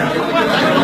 Yeah.